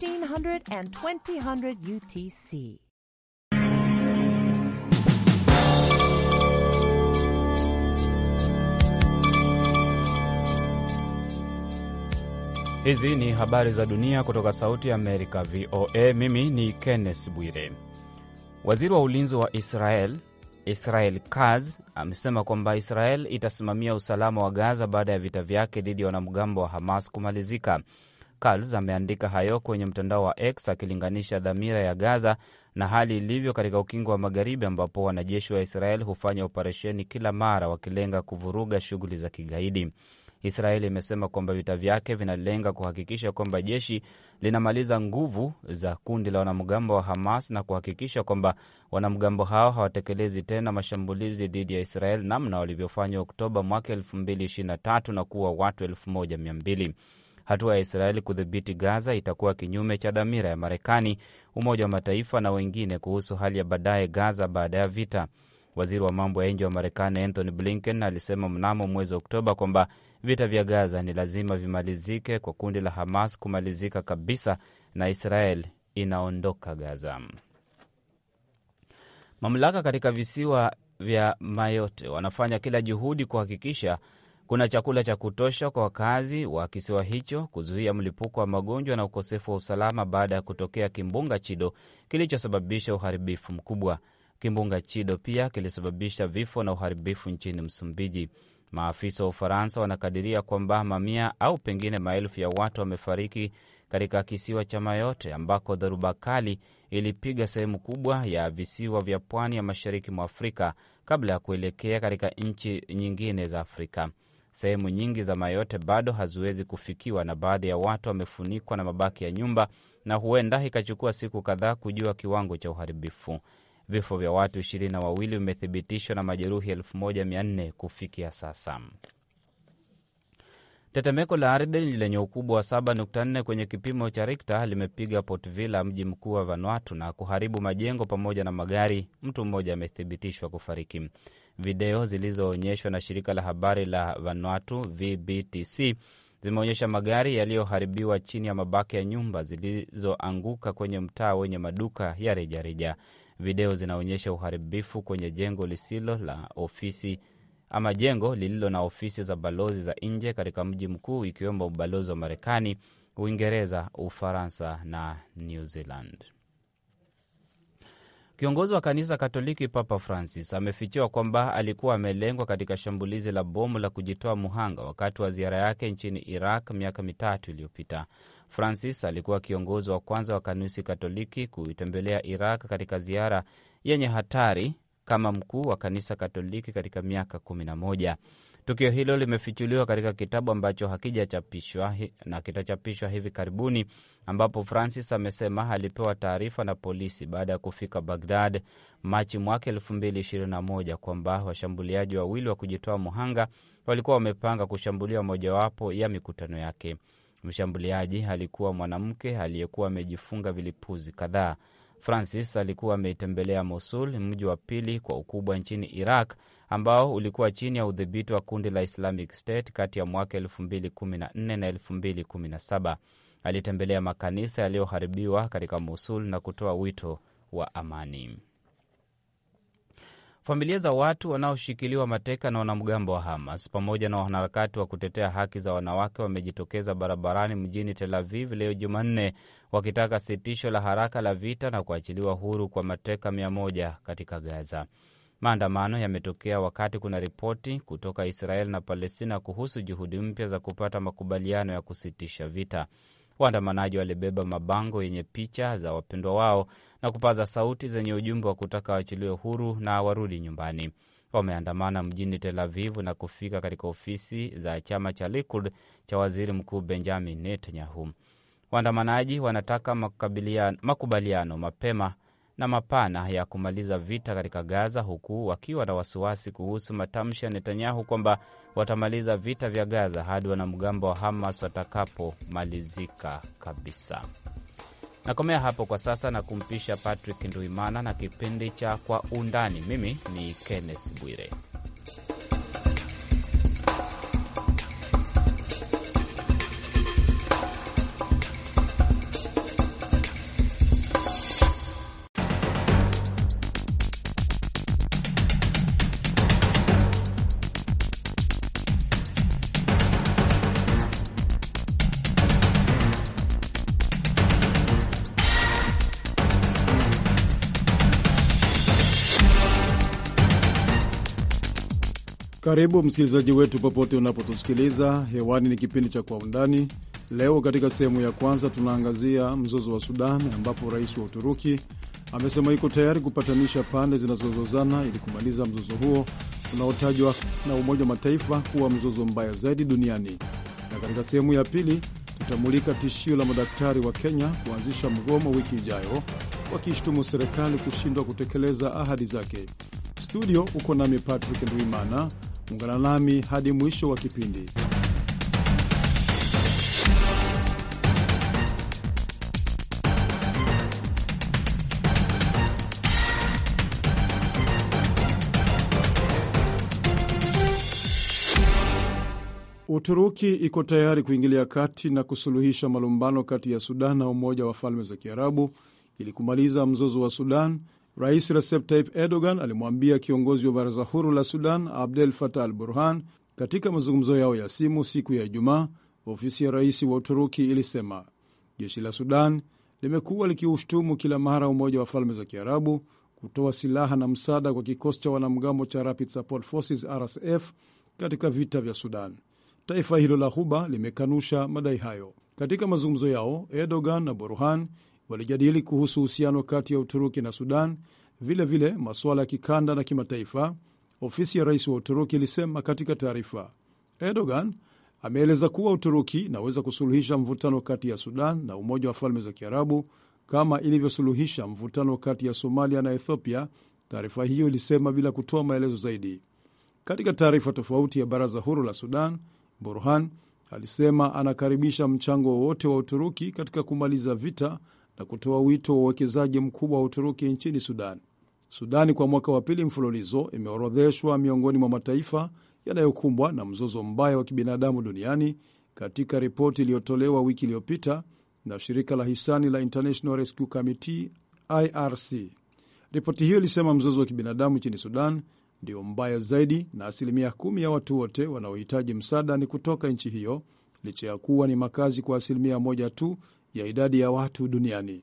1500 and 2000 UTC. Hizi ni habari za dunia kutoka Sauti ya Amerika, VOA. Mimi ni Kenneth Bwire. Waziri wa ulinzi wa Israel Israel Katz amesema kwamba Israel itasimamia usalama wa Gaza baada ya vita vyake dhidi ya wanamgambo wa Hamas kumalizika. Kals ameandika hayo kwenye mtandao wa X akilinganisha dhamira ya Gaza na hali ilivyo katika ukingo wa Magharibi, ambapo wanajeshi wa Israel hufanya operesheni kila mara wakilenga kuvuruga shughuli za kigaidi. Israeli imesema kwamba vita vyake vinalenga kuhakikisha kwamba jeshi linamaliza nguvu za kundi la wanamgambo wa Hamas na kuhakikisha kwamba wanamgambo hao hawatekelezi tena mashambulizi dhidi ya Israel namna walivyofanya Oktoba mwaka 2023 na kuwa watu 1200. Hatua ya Israeli kudhibiti Gaza itakuwa kinyume cha dhamira ya Marekani, Umoja wa Mataifa na wengine kuhusu hali ya baadaye Gaza baada ya vita. Waziri wa mambo ya nje wa Marekani Anthony Blinken alisema mnamo mwezi Oktoba kwamba vita vya Gaza ni lazima vimalizike kwa kundi la Hamas kumalizika kabisa na Israel inaondoka Gaza. Mamlaka katika visiwa vya Mayotte wanafanya kila juhudi kuhakikisha kuna chakula cha kutosha kwa wakazi wa kisiwa hicho kuzuia mlipuko wa magonjwa na ukosefu wa usalama baada ya kutokea kimbunga Chido kilichosababisha uharibifu mkubwa. Kimbunga Chido pia kilisababisha vifo na uharibifu nchini Msumbiji. Maafisa wa Ufaransa wanakadiria kwamba mamia au pengine maelfu ya watu wamefariki katika kisiwa cha Mayotte ambako dhoruba kali ilipiga sehemu kubwa ya visiwa vya pwani ya mashariki mwa Afrika kabla ya kuelekea katika nchi nyingine za Afrika. Sehemu nyingi za Mayote bado haziwezi kufikiwa na baadhi ya watu wamefunikwa na mabaki ya nyumba na huenda ikachukua siku kadhaa kujua kiwango cha uharibifu. Vifo vya watu ishirini na wawili vimethibitishwa na majeruhi elfu moja mia nne kufikia sasa. Tetemeko la ardhi lenye ukubwa wa 7.4 kwenye kipimo cha Rikta limepiga Port Vila, mji mkuu wa Vanuatu, na kuharibu majengo pamoja na magari. Mtu mmoja amethibitishwa kufariki. Video zilizoonyeshwa na shirika la habari la Vanuatu VBTC zimeonyesha magari yaliyoharibiwa chini ya mabaki ya nyumba zilizoanguka kwenye mtaa wenye maduka ya rejareja. Video zinaonyesha uharibifu kwenye jengo lisilo la ofisi ama jengo lililo na ofisi za balozi za nje katika mji mkuu, ikiwemo ubalozi wa Marekani, Uingereza, Ufaransa na New Zealand. Kiongozi wa kanisa Katoliki Papa Francis amefichiwa kwamba alikuwa amelengwa katika shambulizi la bomu la kujitoa muhanga wakati wa ziara yake nchini Iraq miaka mitatu iliyopita. Francis alikuwa kiongozi wa kwanza wa kanisa Katoliki kuitembelea Iraq katika ziara yenye hatari kama mkuu wa kanisa Katoliki katika miaka kumi na moja. Tukio hilo limefichuliwa katika kitabu ambacho hakijachapishwa na kitachapishwa hivi karibuni, ambapo Francis amesema alipewa taarifa na polisi baada ya kufika Bagdad Machi mwaka 2021 kwamba washambuliaji wawili wa kujitoa muhanga walikuwa wamepanga kushambulia mojawapo ya mikutano yake. Mshambuliaji alikuwa mwanamke aliyekuwa amejifunga vilipuzi kadhaa. Francis alikuwa ametembelea Mosul, mji wa pili kwa ukubwa nchini Iraq, ambao ulikuwa chini ya udhibiti wa kundi la Islamic State kati ya mwaka 2014 na 2017. Alitembelea makanisa yaliyoharibiwa katika Mosul na kutoa wito wa amani. Familia za watu wanaoshikiliwa mateka na wanamgambo wa Hamas pamoja na wanaharakati wa kutetea haki za wanawake wamejitokeza barabarani mjini Tel Aviv leo Jumanne wakitaka sitisho la haraka la vita na kuachiliwa huru kwa mateka mia moja katika Gaza. Maandamano yametokea wakati kuna ripoti kutoka Israel na Palestina kuhusu juhudi mpya za kupata makubaliano ya kusitisha vita. Waandamanaji walibeba mabango yenye picha za wapendwa wao na kupaza sauti zenye ujumbe wa kutaka waachiliwe huru na warudi nyumbani. Wameandamana mjini Tel Avivu na kufika katika ofisi za chama cha Likud cha waziri mkuu Benjamin Netanyahu. Waandamanaji wanataka makubaliano mapema na mapana ya kumaliza vita katika Gaza, huku wakiwa na wasiwasi kuhusu matamshi ya Netanyahu kwamba watamaliza vita vya Gaza hadi wanamgambo wa Hamas watakapomalizika kabisa. Nakomea hapo kwa sasa na kumpisha Patrick Nduimana na kipindi cha Kwa Undani. Mimi ni Kenneth Bwire. Karibu msikilizaji wetu popote unapotusikiliza hewani, ni kipindi cha Kwa Undani. Leo katika sehemu ya kwanza tunaangazia mzozo wa Sudan, ambapo rais wa Uturuki amesema iko tayari kupatanisha pande zinazozozana ili kumaliza mzozo huo unaotajwa na Umoja wa Mataifa kuwa mzozo mbaya zaidi duniani. Na katika sehemu ya pili tutamulika tishio la madaktari wa Kenya kuanzisha mgomo wiki ijayo, wakishtumu serikali kushindwa kutekeleza ahadi zake. Studio uko nami Patrick Ndwimana. Ungana nami hadi mwisho wa kipindi. Uturuki iko tayari kuingilia kati na kusuluhisha malumbano kati ya Sudan na Umoja wa Falme za Kiarabu ili kumaliza mzozo wa Sudan Rais Recep Tayyip Erdogan alimwambia kiongozi wa baraza huru la Sudan Abdel Fattah al Burhan katika mazungumzo yao ya simu siku ya Ijumaa. Ofisi ya rais wa Uturuki ilisema jeshi la Sudan limekuwa likiushtumu kila mara Umoja wa Falme za Kiarabu kutoa silaha na msaada kwa kikosi cha wanamgambo cha Rapid Support Forces RSF katika vita vya Sudan. Taifa hilo la Ghuba limekanusha madai hayo. Katika mazungumzo yao, Erdogan na Burhan walijadili kuhusu uhusiano kati ya Uturuki na Sudan, vilevile masuala ya kikanda na kimataifa, ofisi ya rais wa Uturuki ilisema katika taarifa. Erdogan ameeleza kuwa Uturuki inaweza kusuluhisha mvutano kati ya Sudan na Umoja wa Falme za Kiarabu kama ilivyosuluhisha mvutano kati ya Somalia na Ethiopia, taarifa hiyo ilisema bila kutoa maelezo zaidi. Katika taarifa tofauti ya Baraza Huru la Sudan, Burhan alisema anakaribisha mchango wowote wa Uturuki katika kumaliza vita na kutoa wito wa uwekezaji mkubwa wa Uturuki nchini Sudan. Sudani kwa mwaka wa pili mfululizo imeorodheshwa miongoni mwa mataifa yanayokumbwa na mzozo mbaya wa kibinadamu duniani katika ripoti iliyotolewa wiki iliyopita na shirika la hisani la International Rescue Committee IRC. Ripoti hiyo ilisema mzozo wa kibinadamu nchini Sudan ndio mbaya zaidi, na asilimia kumi ya watu wote wanaohitaji msaada ni kutoka nchi hiyo, licha ya kuwa ni makazi kwa asilimia moja tu ya idadi ya watu duniani.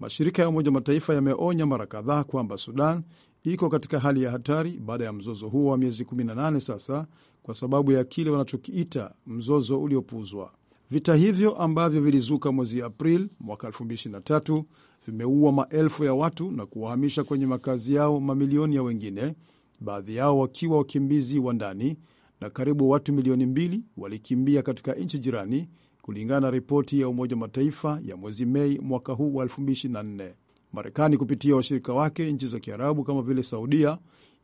Mashirika ya Umoja Mataifa yameonya mara kadhaa kwamba Sudan iko katika hali ya hatari baada ya mzozo huo wa miezi 18 sasa, kwa sababu ya kile wanachokiita mzozo uliopuuzwa. Vita hivyo ambavyo vilizuka mwezi Aprili mwaka 2023 vimeua maelfu ya watu na kuwahamisha kwenye makazi yao mamilioni ya wengine, baadhi yao wakiwa wakimbizi wa ndani, na karibu watu milioni mbili walikimbia katika nchi jirani kulingana na ripoti ya Umoja wa Mataifa ya mwezi Mei mwaka huu wa 2024. Marekani kupitia washirika wake nchi za Kiarabu kama vile Saudia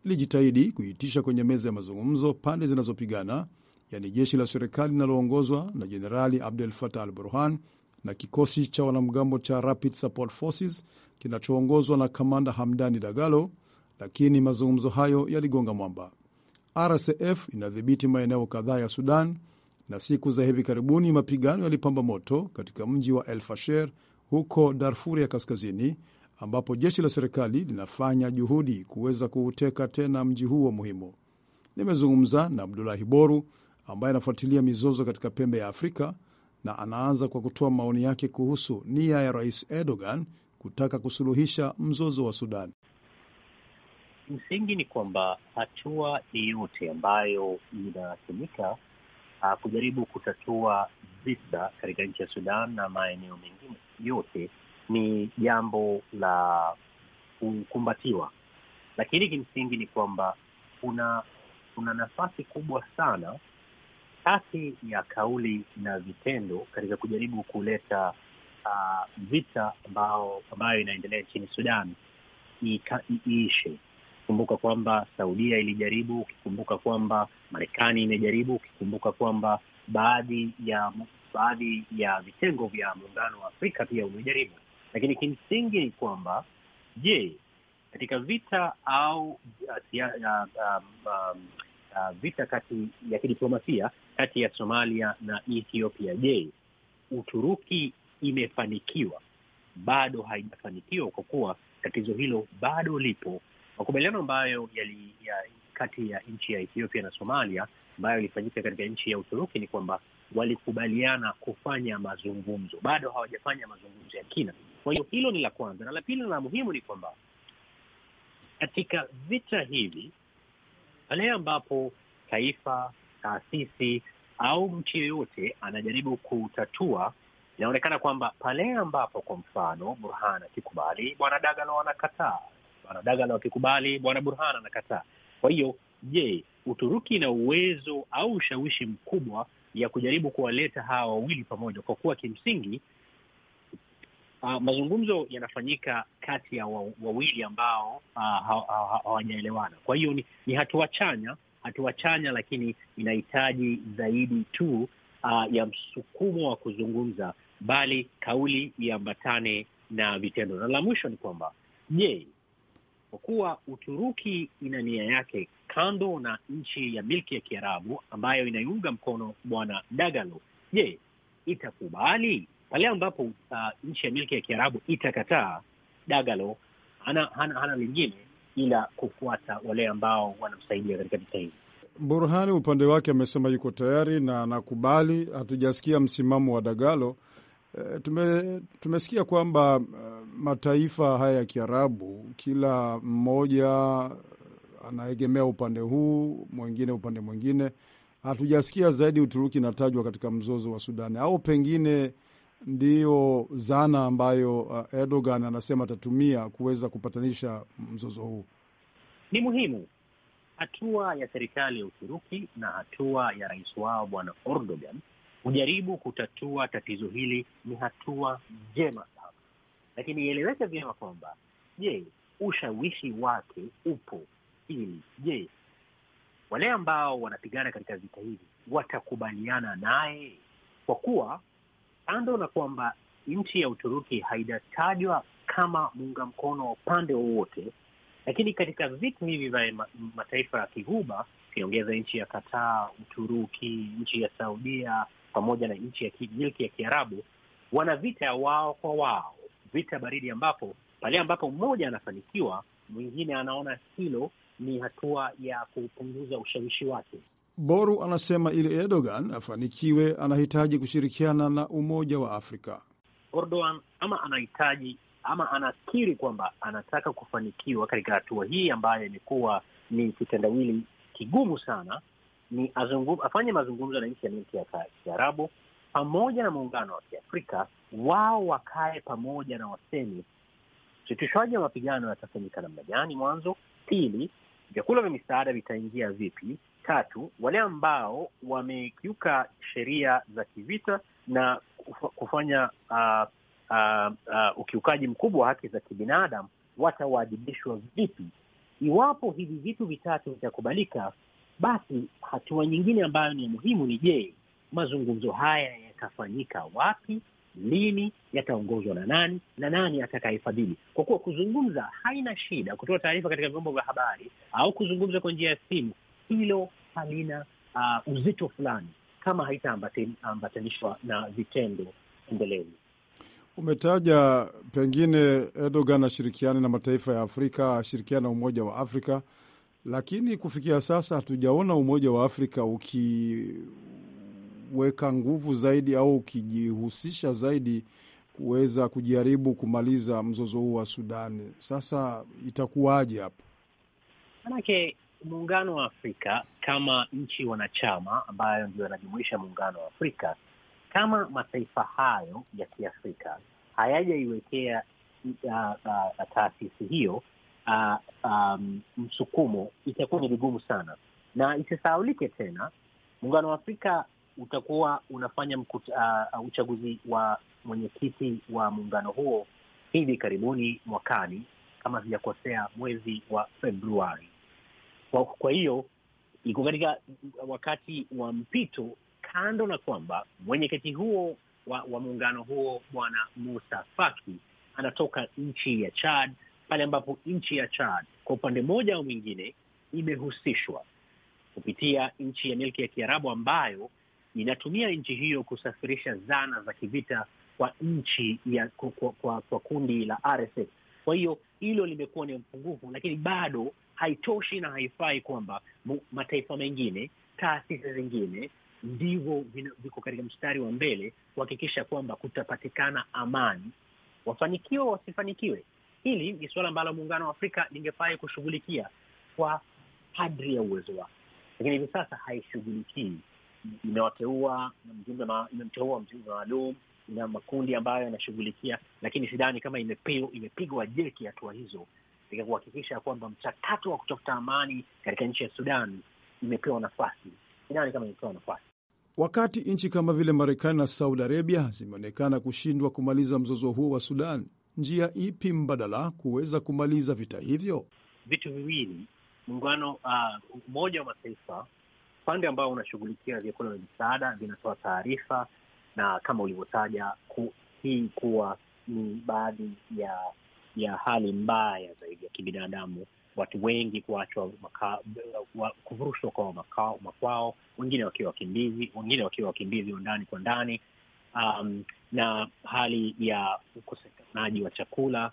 ilijitahidi kuitisha kwenye meza ya mazungumzo pande zinazopigana, yani jeshi la serikali linaloongozwa na Jenerali Abdel Fattah al Burhan na kikosi cha wanamgambo cha Rapid Support Forces kinachoongozwa na kamanda Hamdani Dagalo, lakini mazungumzo hayo yaligonga mwamba. RSF inadhibiti maeneo kadhaa ya Sudan na siku za hivi karibuni mapigano yalipamba moto katika mji wa El Fasher huko Darfur ya Kaskazini, ambapo jeshi la serikali linafanya juhudi kuweza kuuteka tena mji huo muhimu. Nimezungumza na Abdulahi Boru ambaye anafuatilia mizozo katika pembe ya Afrika na anaanza kwa kutoa maoni yake kuhusu nia ya Rais Erdogan kutaka kusuluhisha mzozo wa Sudan. Msingi ni kwamba hatua yeyote ambayo inatumika uh, kujaribu kutatua vita katika nchi ya Sudan na maeneo mengine yote ni jambo la kukumbatiwa, lakini kimsingi ni kwamba kuna kuna nafasi kubwa sana kati ya kauli na vitendo katika kujaribu kuleta uh, vita ambao ambayo inaendelea nchini Sudan iishe ukikumbuka kwamba Saudia ilijaribu, ukikumbuka kwamba Marekani imejaribu, ukikumbuka kwamba baadhi ya baadhi ya vitengo vya muungano wa Afrika pia umejaribu. Lakini kimsingi ni kwamba je, katika vita au uh, uh, um, um, uh, vita kati ya kidiplomasia kati ya Somalia na Ethiopia, je, Uturuki imefanikiwa? Bado haijafanikiwa, kwa kuwa tatizo hilo bado lipo makubaliano ambayo yali ya kati ya nchi ya Ethiopia na Somalia ambayo ilifanyika katika nchi ya Uturuki ni kwamba walikubaliana kufanya mazungumzo, bado hawajafanya mazungumzo ya kina. Kwa hiyo hilo ni la kwanza, na la pili na la muhimu ni kwamba katika vita hivi, pale ambapo taifa, taasisi au mtu yeyote anajaribu kutatua, inaonekana kwamba pale ambapo, kwa mfano, Burhan akikubali, bwana Dagalo anakataa Bwana Dagal wakikubali, Bwana Burhan anakataa. Kwa hiyo, je, Uturuki ina uwezo au ushawishi mkubwa ya kujaribu kuwaleta hawa wawili pamoja, kwa kuwa kimsingi uh, mazungumzo yanafanyika kati ya wawili ambao ah, hawajaelewana. Uh, kwa hiyo ni, ni hatua chanya, hatua chanya, lakini inahitaji zaidi tu uh, ya msukumo wa kuzungumza, bali kauli iambatane na vitendo. Na la mwisho ni kwamba je, kwa kuwa Uturuki ina nia yake kando na nchi ya milki ya Kiarabu ambayo inaiunga mkono bwana Dagalo. Je, itakubali pale ambapo uh, nchi ya milki ya Kiarabu itakataa? Dagalo hana, hana, hana lingine ila kufuata wale ambao wanamsaidia katika vita hivi. Burhani upande wake amesema yuko tayari na anakubali. Hatujasikia msimamo wa Dagalo Eh, tume, tumesikia kwamba eh, mataifa haya ya Kiarabu kila mmoja eh, anaegemea upande huu mwingine upande mwingine. Hatujasikia zaidi Uturuki inatajwa katika mzozo wa Sudani, au pengine ndiyo zana ambayo Erdogan anasema atatumia kuweza kupatanisha mzozo huu. Ni muhimu hatua ya serikali ya Uturuki na hatua ya rais wao Bwana Erdogan Kujaribu kutatua tatizo hili ni hatua njema sana, lakini ieleweke vyema kwamba je, ushawishi wake upo ili je, wale ambao wanapigana katika vita hivi watakubaliana naye? Kwa kuwa kando na kwamba nchi ya Uturuki haijatajwa kama muunga mkono wa upande wowote, lakini katika vitu hivi vya mataifa ya Kighuba ukiongeza nchi ya Kataa, Uturuki, nchi ya Saudia pamoja na nchi ya milki ya Kiarabu wana vita ya wao kwa wao, vita baridi, ambapo pale ambapo mmoja anafanikiwa mwingine anaona hilo ni hatua ya kupunguza ushawishi wake. Boru anasema ili Erdogan afanikiwe anahitaji kushirikiana na Umoja wa Afrika. Erdogan ama anahitaji ama anakiri kwamba anataka kufanikiwa katika hatua hii ambayo imekuwa ni kitendawili kigumu sana, ni azungum, afanye mazungumzo na nchi ya milki ya Kiarabu pamoja na muungano wa Kiafrika, wao wakae pamoja na wasemi sitishwaji wa mapigano yatafanyika namna gani, mwanzo. Pili, vyakula vya misaada vitaingia vipi? Tatu, wale ambao wamekiuka sheria za kivita na kufanya uh, uh, uh, ukiukaji mkubwa wa haki za kibinadamu watawajibishwa vipi? Iwapo hivi vitu vitatu vitakubalika, basi hatua nyingine ambayo ni muhimu ni je, mazungumzo haya yatafanyika wapi, lini, yataongozwa na nani na nani atakayefadhili? Kwa kuwa kuzungumza haina shida, kutoa taarifa katika vyombo vya habari au kuzungumza kwa njia ya simu, hilo halina uh, uzito fulani kama haitaambatanishwa na vitendo endelevu. Umetaja pengine Erdogan ashirikiane na mataifa ya Afrika, ashirikiane na Umoja wa Afrika lakini kufikia sasa hatujaona Umoja wa Afrika ukiweka nguvu zaidi au ukijihusisha zaidi kuweza kujaribu kumaliza mzozo huu wa Sudani. Sasa itakuwaje hapo? Manake muungano wa Afrika kama nchi wanachama ambayo ndio yanajumuisha muungano wa Afrika, kama mataifa hayo ya Kiafrika hayajaiwekea uh, uh, taasisi hiyo uh, um, msukumo, itakuwa ni vigumu sana, na isisahaulike tena, muungano wa Afrika utakuwa unafanya mkuta, uh, uchaguzi wa mwenyekiti wa muungano huo hivi karibuni mwakani, kama sijakosea, mwezi wa Februari. Kwa, kwa hiyo iko katika wakati wa mpito, kando na kwamba mwenyekiti huo wa, wa muungano huo Bwana Musa Faki anatoka nchi ya Chad pale ambapo nchi ya Chad kwa upande mmoja au mwingine imehusishwa kupitia nchi ya milki ya Kiarabu ambayo inatumia nchi hiyo kusafirisha zana za kivita kwa nchi ya kwa, kwa, kwa, kwa kundi la RSF. Kwa hiyo hilo limekuwa ni mpungufu, lakini bado haitoshi na haifai kwamba mataifa mengine, taasisi zingine ndivyo viko katika mstari wa mbele kuhakikisha kwamba kutapatikana amani, wafanikiwe wasifanikiwe, Hili ni suala ambalo muungano wa Afrika lingefai kushughulikia kwa kadri ya uwezo wake, lakini hivi sasa haishughulikii. Imewateua mjumbe ma, imemteua mjumbe maalum na makundi ambayo yanashughulikia, lakini sidhani kama imepigwa jeki hatua hizo katika kuhakikisha kwamba mchakato wa kutafuta amani katika nchi ya Sudan imepewa nafasi. Sidhani kama imepewa nafasi. Wakati nchi kama vile Marekani na Saudi Arabia zimeonekana kushindwa kumaliza mzozo huo wa Sudan, njia ipi mbadala kuweza kumaliza vita hivyo? Vitu viwili, muungano uh, Umoja wa Mataifa upande ambao unashughulikia vyakula vya misaada vinatoa taarifa, na kama ulivyotaja ku, hii kuwa ni baadhi ya ya hali mbaya zaidi ya kibinadamu, watu wengi kuachwa kuvurushwa kwa makwao, wengine wakiwa wakimbizi, wengine wakiwa wakimbizi wa ndani kwa ndani, um, na hali ya ukosekanaji wa chakula,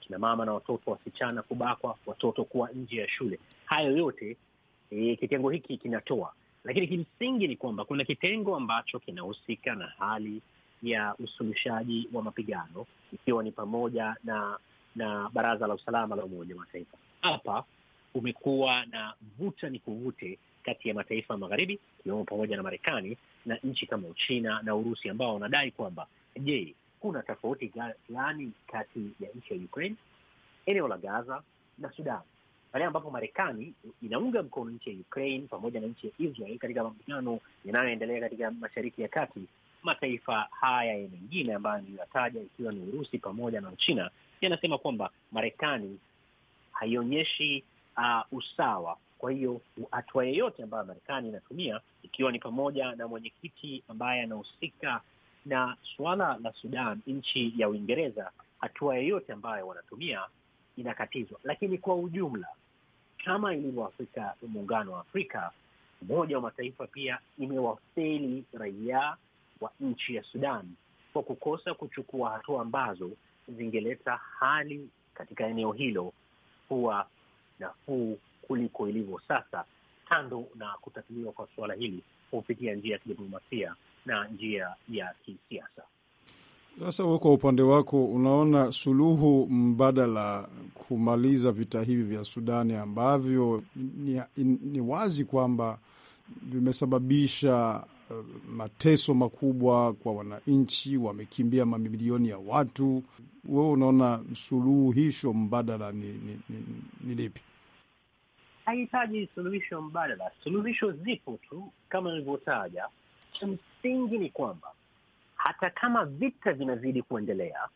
kina mama na watoto, wasichana kubakwa, watoto kuwa nje ya shule. Hayo yote e, kitengo hiki kinatoa, lakini kimsingi ni kwamba kuna kitengo ambacho kinahusika na hali ya usuluhishaji wa mapigano, ikiwa ni pamoja na na Baraza la Usalama la Umoja wa Mataifa. Hapa umekuwa na vuta ni kuvute kati ya mataifa magharibi ikiwemo pamoja na Marekani na nchi kama Uchina na Urusi ambao wanadai kwamba je, kuna tofauti gani kati ya nchi ya Ukraine, eneo la Gaza na Sudan, pale ambapo Marekani inaunga mkono nchi ya Ukraine pamoja na nchi ya Israel katika mapigano yanayoendelea katika Mashariki ya Kati. Mataifa haya mengine ambayo niliyataja ikiwa ni Urusi pamoja na Uchina yanasema kwamba Marekani haionyeshi uh, usawa kwa hiyo hatua yeyote ambayo Marekani inatumia ikiwa ni pamoja na mwenyekiti ambaye anahusika na suala la Sudan, nchi ya Uingereza, hatua yeyote ambayo wanatumia inakatizwa. Lakini kwa ujumla, kama ilivyo Afrika, muungano wa Afrika, Umoja wa Mataifa pia imewafeli raia wa nchi ya Sudan kwa kukosa kuchukua hatua ambazo zingeleta hali katika eneo hilo kuwa nafuu kuliko ilivyo sasa, kando na kutatuliwa kwa suala hili kupitia njia ya kidiplomasia na njia ya kisiasa. Sasa we kwa upande wako unaona suluhu mbadala kumaliza vita hivi vya Sudani ambavyo ni, ni, ni wazi kwamba vimesababisha uh, mateso makubwa kwa wananchi, wamekimbia mamilioni ya watu. Wewe unaona suluhisho mbadala ni, ni, ni, ni lipi? haihitaji suluhisho mbadala. Suluhisho zipo tu kama nilivyotaja. Cha msingi ni kwamba hata kama vita vinazidi kuendelea,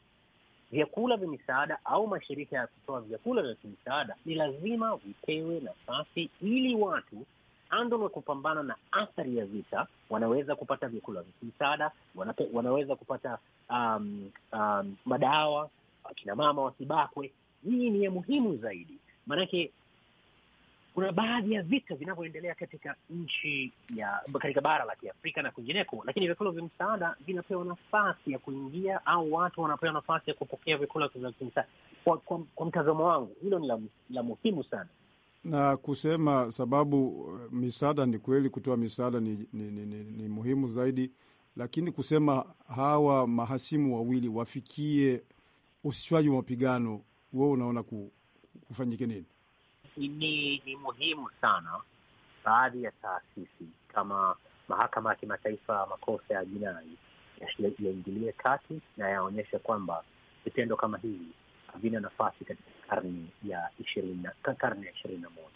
vyakula vya misaada au mashirika ya kutoa vyakula vya kimisaada ni lazima vipewe nafasi, ili watu ando na kupambana na athari ya vita wanaweza kupata vyakula vya kimisaada, wanaweza kupata um, um, madawa, akina mama wasibakwe. Hii ni ya muhimu zaidi, maanake kuna baadhi ya vita vinavyoendelea katika nchi ya katika bara la Kiafrika na kwingineko, lakini vyakula vya msaada vinapewa nafasi ya kuingia au watu wanapewa nafasi ya kupokea vyakula vya kimsaada. Kwa, kwa, kwa mtazamo wangu hilo ni la, la muhimu sana na kusema sababu eh, misaada ni kweli, kutoa misaada ni, ni, ni, ni, ni muhimu zaidi, lakini kusema hawa mahasimu wawili wafikie usishwaji wa mapigano, wewe unaona kufanyike nini? ni, ni muhimu sana baadhi ya taasisi kama mahakama ya kimataifa makosa ya jinai yaingilie kati na yaonyeshe kwamba vitendo kama hivi havina nafasi katika karne ya ishirini karne ya ishirini na moja.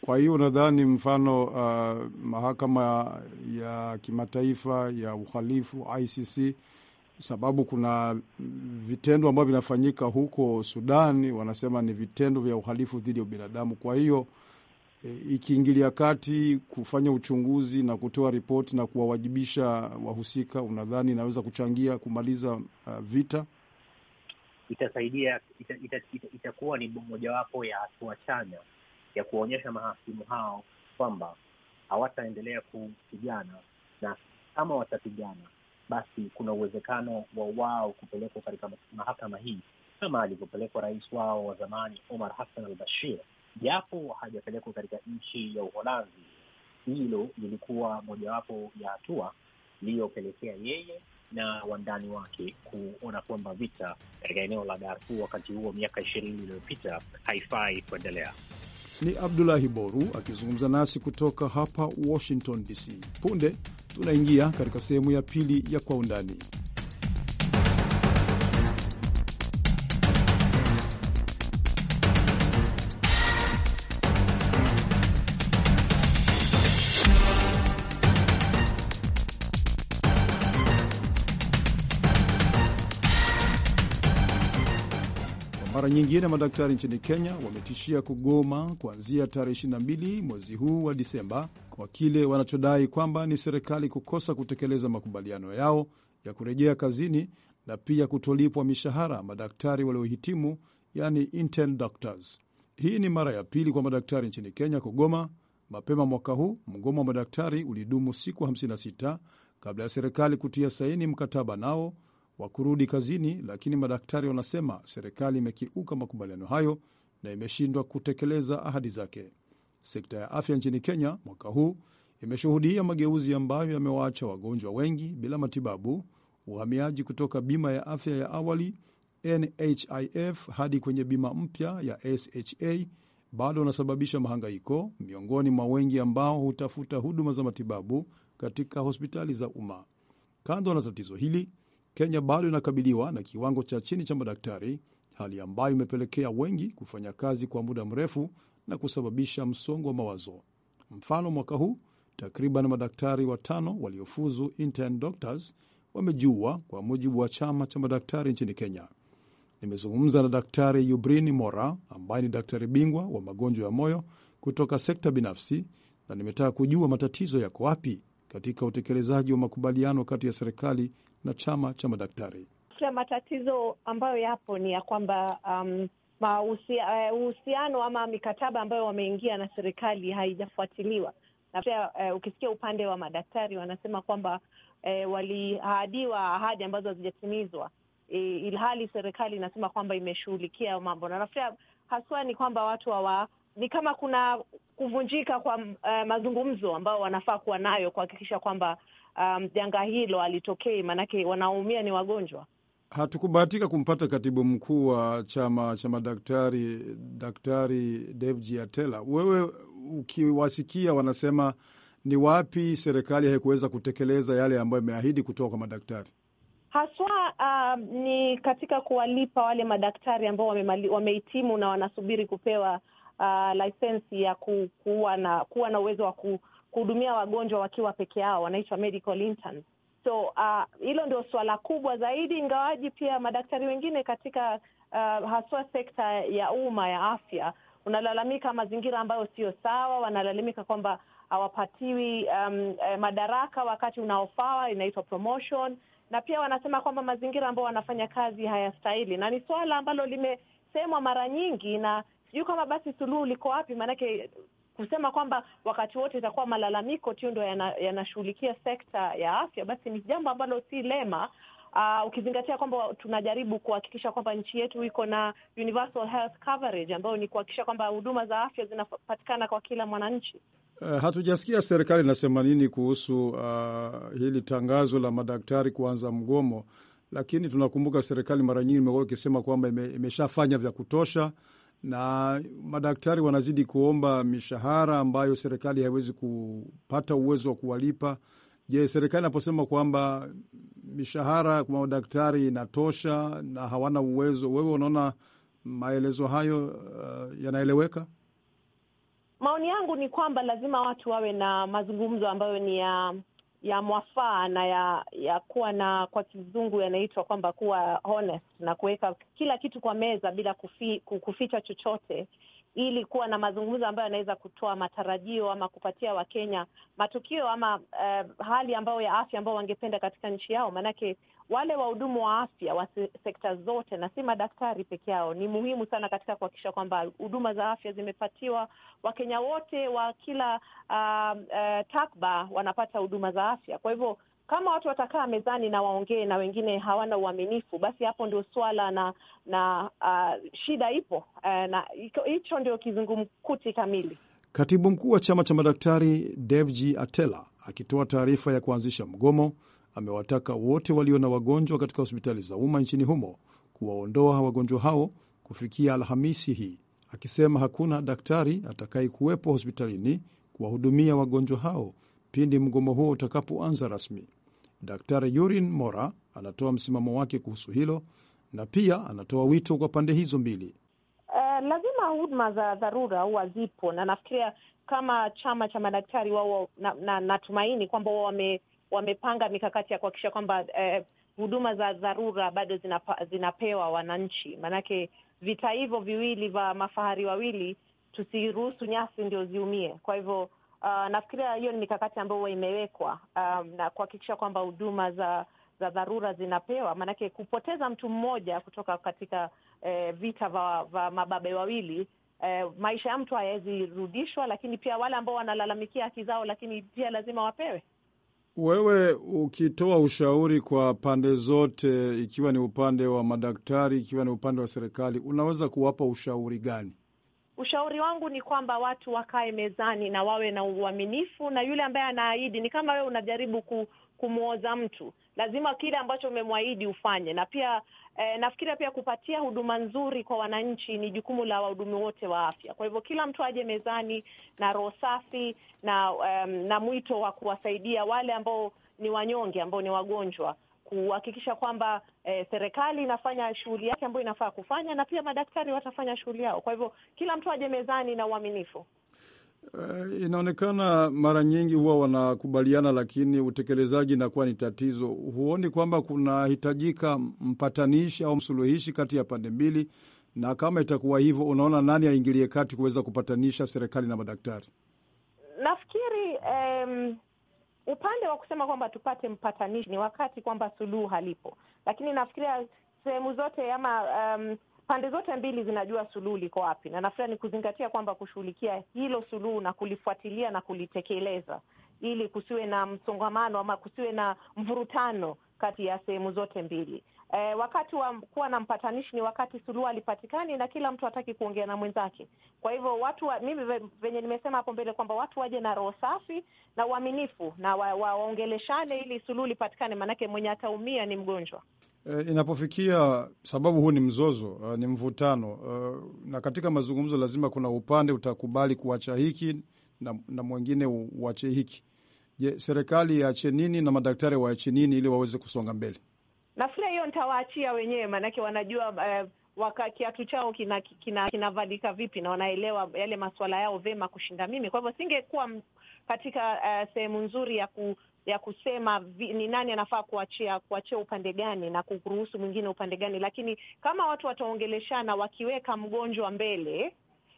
Kwa hiyo unadhani mfano uh, mahakama ya kimataifa ya uhalifu ICC sababu kuna vitendo ambavyo vinafanyika huko sudani wanasema ni vitendo vya uhalifu dhidi ya ubinadamu. Kwa hiyo e, ikiingilia kati kufanya uchunguzi na kutoa ripoti na kuwawajibisha wahusika, unadhani inaweza kuchangia kumaliza uh, vita? Itasaidia, itakuwa ita, ita, ita, ita ni mojawapo ya hatua chanya ya kuwaonyesha mahasimu hao kwamba hawataendelea kupigana na kama watapigana basi kuna uwezekano wa wao kupelekwa katika mahakama hii kama alivyopelekwa rais wao wa zamani Omar Hassan al Bashir, japo hajapelekwa katika nchi ya Uholanzi. Hilo lilikuwa mojawapo ya hatua iliyopelekea yeye na wandani wake kuona kwamba vita katika eneo la Darfur wakati huo miaka ishirini iliyopita haifai kuendelea. Ni Abdulahi Boru akizungumza nasi kutoka hapa Washington DC. Punde tunaingia katika sehemu ya pili ya Kwa Undani. Mara nyingine madaktari nchini Kenya wametishia kugoma kuanzia tarehe 22 mwezi huu wa Disemba kwa kile wanachodai kwamba ni serikali kukosa kutekeleza makubaliano yao ya kurejea kazini na pia kutolipwa mishahara madaktari waliohitimu, yani intern doctors. Hii ni mara ya pili kwa madaktari nchini Kenya kugoma. Mapema mwaka huu mgomo wa madaktari ulidumu siku 56 kabla ya serikali kutia saini mkataba nao wa kurudi kazini, lakini madaktari wanasema serikali imekiuka makubaliano hayo na imeshindwa kutekeleza ahadi zake. Sekta ya afya nchini Kenya mwaka huu imeshuhudia mageuzi ambayo yamewaacha wagonjwa wengi bila matibabu, uhamiaji kutoka bima ya afya ya awali NHIF hadi kwenye bima mpya ya SHA bado unasababisha mahangaiko miongoni mwa wengi ambao hutafuta huduma za matibabu katika hospitali za umma. Kando na tatizo hili, Kenya bado inakabiliwa na kiwango cha chini cha madaktari, hali ambayo imepelekea wengi kufanya kazi kwa muda mrefu na kusababisha msongo wa mawazo. Mfano, mwaka huu takriban madaktari watano waliofuzu intern doctors kwa mujibu wa chama cha madaktari nchini Kenya. Nimezungumza na Daktari Yubrini Mora ambaye ni daktari bingwa wa magonjwa ya moyo kutoka sekta binafsi, na nimetaka kujua matatizo yako wapi katika utekelezaji wa makubaliano kati ya serikali na chama cha madaktari. Matatizo ambayo yapo ni ya kwamba um, eh, uhusiano ama mikataba ambayo wameingia na serikali haijafuatiliwa na pia uh, ukisikia upande wa madaktari wanasema kwamba uh, waliahadiwa ahadi ambazo hazijatimizwa, uh, ilhali serikali inasema kwamba imeshughulikia mambo, na nafikiria haswa ni kwamba watu hawa ni kama kuna kuvunjika kwa uh, mazungumzo ambayo wanafaa kuwa nayo kuhakikisha kwamba um, janga hilo alitokei, maanake wanaoumia ni wagonjwa. Hatukubahatika kumpata katibu mkuu wa chama cha madaktari, Daktari Davji Atela. Wewe ukiwasikia wanasema, ni wapi serikali haikuweza kutekeleza yale ambayo imeahidi kutoka kwa madaktari? Haswa uh, ni katika kuwalipa wale madaktari ambao wamehitimu na wanasubiri kupewa uh, lisensi ya kuwa na kuwa na uwezo wa ku kuhudumia wagonjwa wakiwa peke yao, wanaitwa medical interns. So uh, hilo uh, ndio suala kubwa zaidi, ingawaji pia madaktari wengine katika uh, haswa sekta ya umma ya afya unalalamika mazingira ambayo sio sawa, wanalalamika kwamba hawapatiwi um, eh, madaraka wakati unaofaa, inaitwa promotion, na pia wanasema kwamba mazingira ambayo wanafanya kazi hayastahili, na ni suala ambalo limesemwa mara nyingi, na sijui kama basi suluhu liko wapi, maanake kusema kwamba wakati wote itakuwa malalamiko tu ndo yanashughulikia yana sekta ya afya, basi ni jambo ambalo si lema. Uh, ukizingatia kwamba tunajaribu kuhakikisha kwamba nchi yetu iko na universal health coverage ambayo ni kuhakikisha kwamba huduma za afya zinapatikana kwa kila mwananchi. Uh, hatujasikia serikali inasema nini kuhusu uh, hili tangazo la madaktari kuanza mgomo, lakini tunakumbuka serikali mara nyingi imekuwa ikisema kwamba imeshafanya vya kutosha na madaktari wanazidi kuomba mishahara ambayo serikali haiwezi kupata uwezo wa kuwalipa. Je, serikali inaposema kwamba mishahara kwa madaktari inatosha na hawana uwezo, wewe unaona maelezo hayo uh, yanaeleweka? Maoni yangu ni kwamba lazima watu wawe na mazungumzo ambayo ni ya uh ya mwafaa na ya ya kuwa na kwa kizungu yanaitwa kwamba kuwa honest na kuweka kila kitu kwa meza bila kufi, kuficha chochote ili kuwa na mazungumzo ambayo yanaweza kutoa matarajio ama kupatia Wakenya matukio ama uh, hali ambayo ya afya ambao wangependa katika nchi yao. Maanake wale wahudumu wa afya wa sekta zote na si madaktari peke yao ni muhimu sana katika kuhakikisha kwamba huduma za afya zimepatiwa Wakenya wote wa kila uh, uh, takba wanapata huduma za afya. Kwa hivyo kama watu watakaa mezani na waongee na wengine hawana uaminifu, basi hapo ndio swala na na uh, shida ipo uh, na hicho ndio kizungumkuti kamili. Katibu mkuu wa chama cha madaktari Devji Atela akitoa taarifa ya kuanzisha mgomo amewataka wote walio na wagonjwa katika hospitali za umma nchini humo kuwaondoa wagonjwa hao kufikia Alhamisi hii, akisema hakuna daktari atakaye kuwepo hospitalini kuwahudumia wagonjwa hao pindi mgomo huo utakapoanza rasmi. Daktari Yurin Mora anatoa msimamo wake kuhusu hilo na pia anatoa wito kwa pande hizo mbili. Uh, lazima huduma za dharura huwa zipo, na nafikiria kama chama cha madaktari wao na, na, natumaini kwamba wao wame, wamepanga mikakati ya kuhakikisha kwamba eh, huduma za dharura bado zinapa, zinapewa wananchi, maanake vita hivyo viwili vya mafahari wawili, tusiruhusu nyasi ndio ziumie. Kwa hivyo Uh, nafikiria hiyo ni mikakati ambayo huwa imewekwa um, na kuhakikisha kwamba huduma za za dharura zinapewa, maanake kupoteza mtu mmoja kutoka katika eh, vita va mababe wawili eh, maisha ya mtu hayawezi rudishwa, lakini pia wale ambao wanalalamikia haki zao, lakini pia lazima wapewe. Wewe ukitoa ushauri kwa pande zote, ikiwa ni upande wa madaktari, ikiwa ni upande wa serikali, unaweza kuwapa ushauri gani? Ushauri wangu ni kwamba watu wakae mezani na wawe na uaminifu, na yule ambaye anaahidi ni kama wewe unajaribu ku kumwoza mtu, lazima kile ambacho umemwahidi ufanye. Na pia eh, nafikiria pia kupatia huduma nzuri kwa wananchi ni jukumu la wahudumu wote wa afya. Kwa hivyo kila mtu aje mezani na roho safi na um, na mwito wa kuwasaidia wale ambao ni wanyonge, ambao ni wagonjwa kuhakikisha kwamba eh, serikali inafanya shughuli yake ambayo inafaa kufanya na pia madaktari watafanya shughuli yao. Kwa hivyo kila mtu aje mezani na uaminifu. Uh, inaonekana mara nyingi huwa wanakubaliana, lakini utekelezaji inakuwa ni tatizo. Huoni kwamba kunahitajika mpatanishi au msuluhishi kati ya pande mbili? Na kama itakuwa hivyo, unaona nani aingilie kati kuweza kupatanisha serikali na madaktari? Nafikiri um, Upande wa kusema kwamba tupate mpatanishi ni wakati kwamba suluhu halipo, lakini nafikiria sehemu zote ama um, pande zote mbili zinajua suluhu liko wapi, na nafikiria ni kuzingatia kwamba kushughulikia hilo suluhu na kulifuatilia na kulitekeleza ili kusiwe na msongamano ama kusiwe na mvurutano kati ya sehemu zote mbili. E, wakati wa kuwa na mpatanishi ni wakati suluhu alipatikani na kila mtu hataki kuongea na mwenzake. Kwa hivyo watu wa, mimi venye nimesema hapo mbele kwamba watu waje na roho safi na uaminifu na waongeleshane wa ili suluhu lipatikane, maanake mwenye ataumia ni mgonjwa. E, inapofikia sababu huu ni mzozo uh, ni mvutano uh, na katika mazungumzo lazima kuna upande utakubali kuacha hiki na, na mwingine uache hiki. Je, serikali iache nini na madaktari waache nini ili waweze kusonga mbele? Nafikiri hiyo nitawaachia wenyewe, maanake wanajua uh, waka kiatu chao kinavalika kina, kina vipi na wanaelewa yale masuala yao vema kushinda mimi. Kwa hivyo singekuwa katika uh, sehemu nzuri ya ku, ya kusema vi, ni nani anafaa kuachia kuachia upande gani na kuruhusu mwingine upande gani, lakini kama watu wataongeleshana wakiweka mgonjwa mbele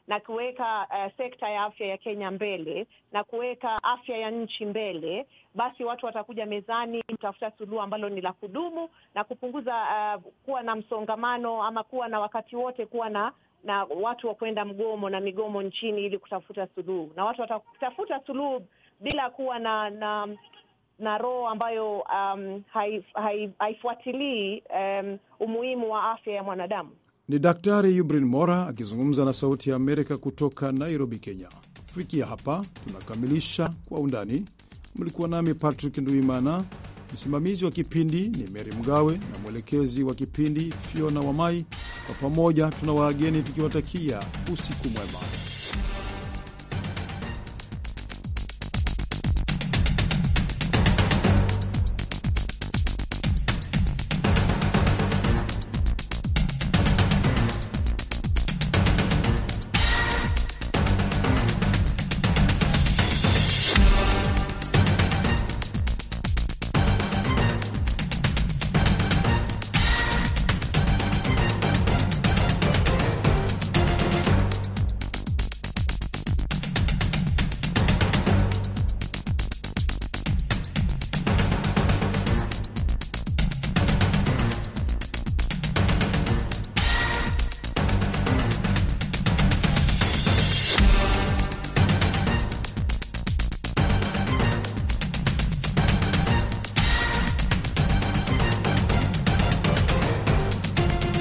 na kuweka uh, sekta ya afya ya Kenya mbele na kuweka afya ya nchi mbele, basi watu watakuja mezani kutafuta suluhu ambalo ni la kudumu na kupunguza uh, kuwa na msongamano ama kuwa na wakati wote kuwa na na watu wa kwenda mgomo na migomo nchini ili kutafuta suluhu, na watu watatafuta suluhu bila kuwa na na na roho ambayo um, haifuatilii hai, um, umuhimu wa afya ya mwanadamu. Ni Daktari Yubrin Mora akizungumza na Sauti ya Amerika kutoka Nairobi, Kenya. Kufikia hapa tunakamilisha Kwa Undani. Mlikuwa nami Patrick Nduimana, msimamizi wa kipindi ni Meri Mgawe na mwelekezi wa kipindi Fiona Wamai. Kwa pamoja tuna waageni tukiwatakia usiku mwema.